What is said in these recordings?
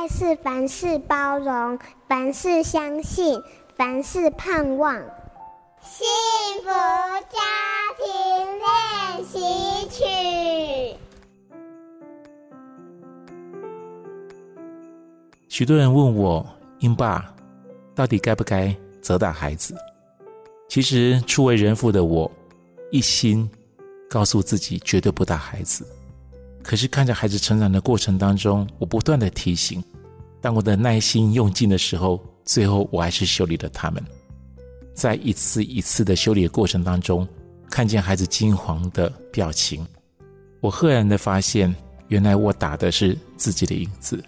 愛是凡事包容，凡事相信，凡事盼望。幸福家庭練習曲。許多人問我：“鷹爸，到底該不該責打孩子？”其實，初為人父的我，一心告訴自己絕對不打孩子。可是，看着孩子成長的過程當中，我不斷的提醒。當我的耐心用盡的時候，最後我還是修理了他們。在一次一次的修理的過程當中，看見孩子驚惶的表情，我赫然的發現，原來我打的是自己的影子。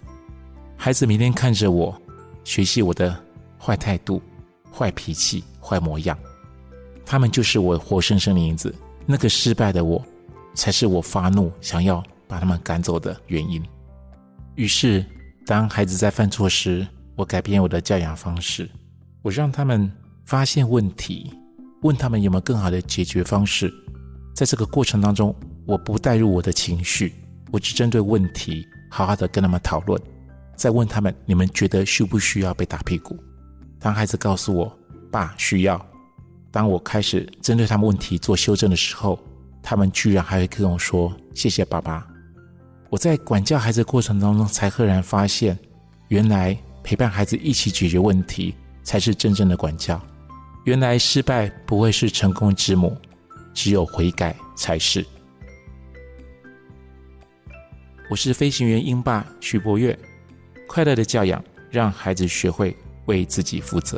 孩子每天看着我，學習我的壞態度、壞脾氣、壞模樣，他們就是我活生生的影子。那個失敗的我，才是我發怒想要把他們趕走的原因。於是。當孩子在犯錯時，我改變我的教養方式，我讓他們發現問題，問他們有沒有更好的解決方式。在這個過程當中，我不帶入我的情緒，我只針對問題好好的跟他們討論，再問他們你們覺得需不需要被打屁股？當孩子告訴我，爸需要，當我開始針對他們問題做修正的時候，他們居然還會跟我說，謝謝爸爸。我在管教孩子過程當中，才赫然發現，原來陪伴孩子一起解決問題才是真正的管教。原來失敗不會是成功之母，只有悔改才是。我是飛行員鷹爸徐柏岳，快樂的教養，讓孩子學會為自己負責。